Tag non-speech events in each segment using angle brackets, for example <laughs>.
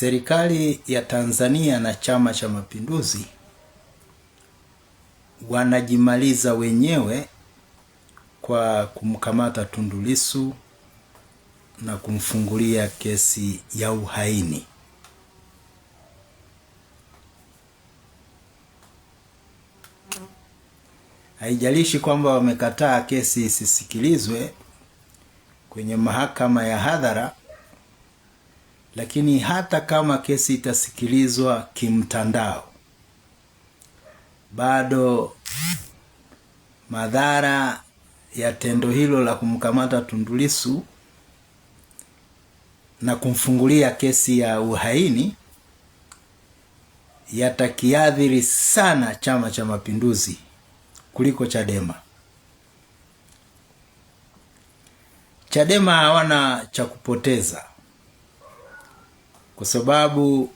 Serikali ya Tanzania na Chama cha Mapinduzi wanajimaliza wenyewe kwa kumkamata Tundu Lissu na kumfungulia kesi ya uhaini. Haijalishi kwamba wamekataa kesi isisikilizwe kwenye mahakama ya hadhara lakini hata kama kesi itasikilizwa kimtandao, bado madhara ya tendo hilo la kumkamata tundulisu na kumfungulia kesi ya uhaini yatakiathiri sana Chama cha Mapinduzi kuliko Chadema. Chadema hawana cha kupoteza kwa sababu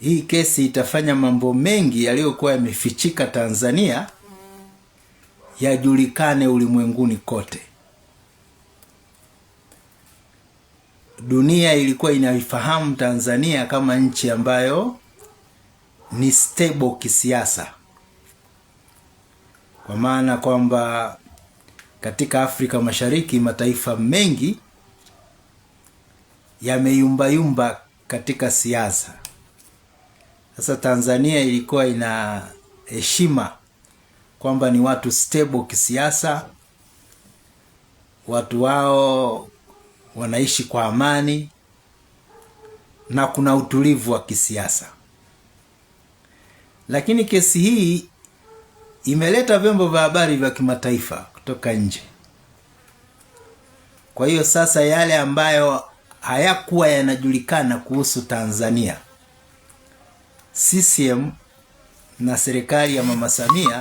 hii kesi itafanya mambo mengi yaliyokuwa yamefichika Tanzania yajulikane ulimwenguni kote. Dunia ilikuwa inaifahamu Tanzania kama nchi ambayo ni stable kisiasa, kwa maana kwamba katika Afrika Mashariki mataifa mengi yameyumbayumba katika siasa. Sasa Tanzania ilikuwa ina heshima kwamba ni watu stable kisiasa, watu wao wanaishi kwa amani na kuna utulivu wa kisiasa. Lakini kesi hii imeleta vyombo vya habari vya kimataifa kutoka nje. Kwa hiyo sasa yale ambayo hayakuwa yanajulikana kuhusu Tanzania. CCM na serikali ya Mama Samia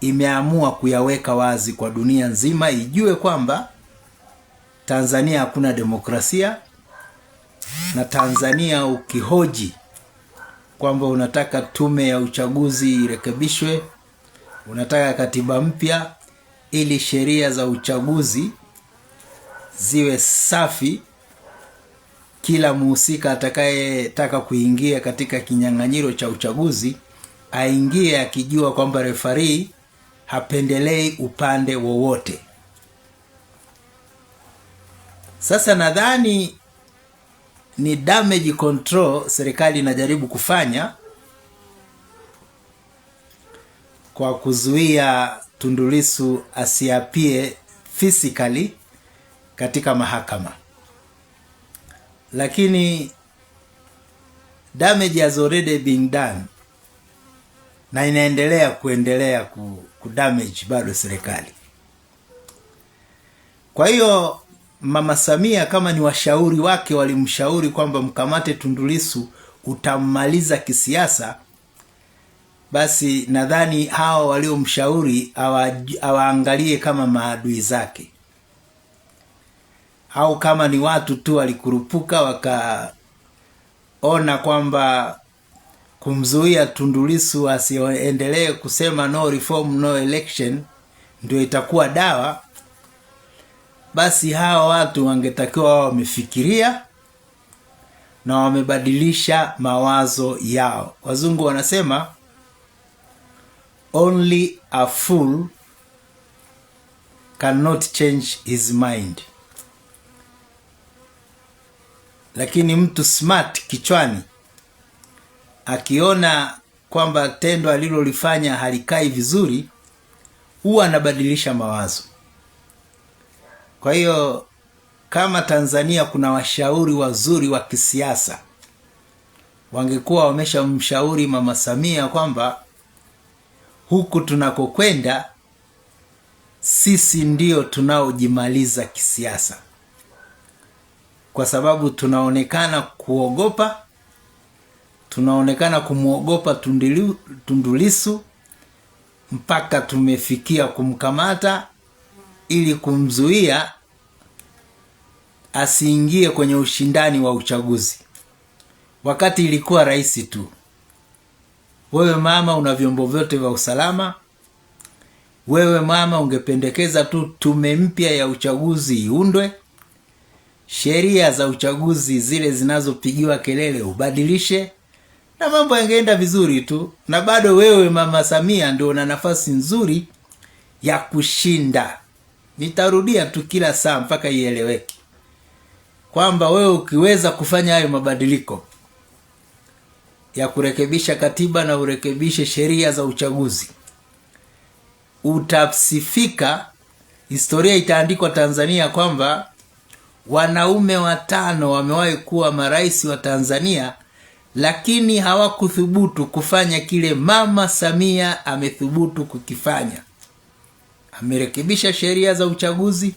imeamua kuyaweka wazi kwa dunia nzima ijue kwamba Tanzania hakuna demokrasia na Tanzania ukihoji kwamba unataka tume ya uchaguzi irekebishwe, unataka katiba mpya ili sheria za uchaguzi ziwe safi kila muhusika atakayetaka kuingia katika kinyang'anyiro cha uchaguzi aingie akijua kwamba refarii hapendelei upande wowote. Sasa nadhani ni damage control serikali inajaribu kufanya kwa kuzuia tundulisu asiapie physically katika mahakama lakini damage has already been done na inaendelea kuendelea ku, ku damage bado serikali. Kwa hiyo Mama Samia kama ni washauri wake walimshauri kwamba mkamate Tundu Lissu utammaliza kisiasa, basi nadhani hawa waliomshauri awaangalie kama maadui zake au kama ni watu tu walikurupuka wakaona kwamba kumzuia tundulisu asiendelee kusema no reform no election ndio itakuwa dawa, basi hawa watu wangetakiwa wao wamefikiria na wamebadilisha mawazo yao. Wazungu wanasema only a fool cannot change his mind. Lakini mtu smart kichwani akiona kwamba tendo alilolifanya halikai vizuri, huwa anabadilisha mawazo. Kwa hiyo kama Tanzania kuna washauri wazuri wa kisiasa, wangekuwa wameshamshauri Mama Samia kwamba huku tunakokwenda sisi ndio tunaojimaliza kisiasa kwa sababu tunaonekana kuogopa, tunaonekana kumwogopa tundulisu mpaka tumefikia kumkamata ili kumzuia asiingie kwenye ushindani wa uchaguzi, wakati ilikuwa rahisi tu. Wewe mama, una vyombo vyote vya usalama. Wewe mama, ungependekeza tu tume mpya ya uchaguzi iundwe sheria za uchaguzi zile zinazopigiwa kelele ubadilishe, na mambo yangeenda vizuri tu, na bado wewe Mama Samia ndio una nafasi nzuri ya kushinda. Nitarudia tu kila saa mpaka ieleweke kwamba wewe ukiweza kufanya hayo mabadiliko ya kurekebisha katiba na urekebishe sheria za uchaguzi, utasifika. Historia itaandikwa Tanzania kwamba wanaume watano wamewahi kuwa marais wa Tanzania, lakini hawakuthubutu kufanya kile Mama Samia amethubutu kukifanya. Amerekebisha sheria za uchaguzi,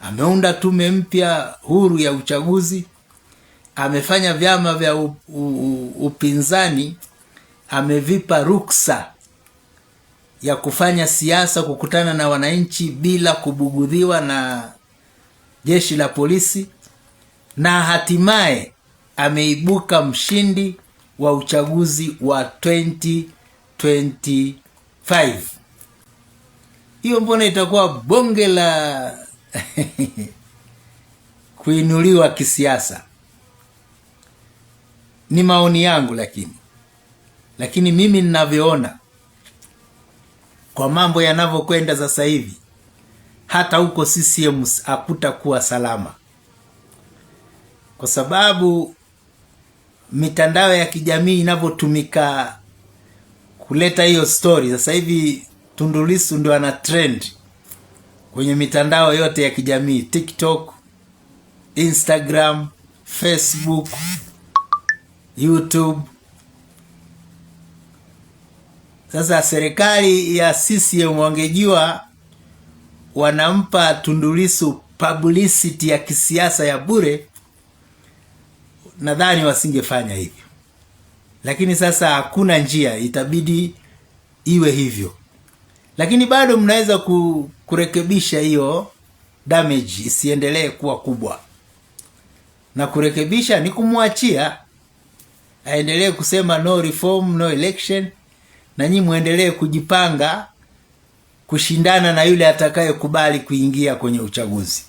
ameunda tume mpya huru ya uchaguzi, amefanya vyama vya upinzani amevipa ruksa ya kufanya siasa, kukutana na wananchi bila kubugudhiwa na jeshi la polisi na hatimaye ameibuka mshindi wa uchaguzi wa 2025. Hiyo mbona itakuwa bonge la <laughs> kuinuliwa kisiasa? Ni maoni yangu, lakini lakini mimi ninavyoona kwa mambo yanavyokwenda sasa hivi hata huko CCM hakutakuwa salama, kwa sababu mitandao ya kijamii inavyotumika kuleta hiyo story. Sasa hivi tundulisu ndio ana trend kwenye mitandao yote ya kijamii TikTok, Instagram, Facebook, YouTube. Sasa serikali ya CCM wangejua wanampa tundulisu publicity ya kisiasa ya bure, nadhani wasingefanya hivyo. Lakini sasa hakuna njia, itabidi iwe hivyo, lakini bado mnaweza kurekebisha hiyo damage isiendelee kuwa kubwa, na kurekebisha ni kumwachia aendelee kusema no reform, no election, na nyinyi muendelee kujipanga kushindana na yule atakayekubali kuingia kwenye uchaguzi.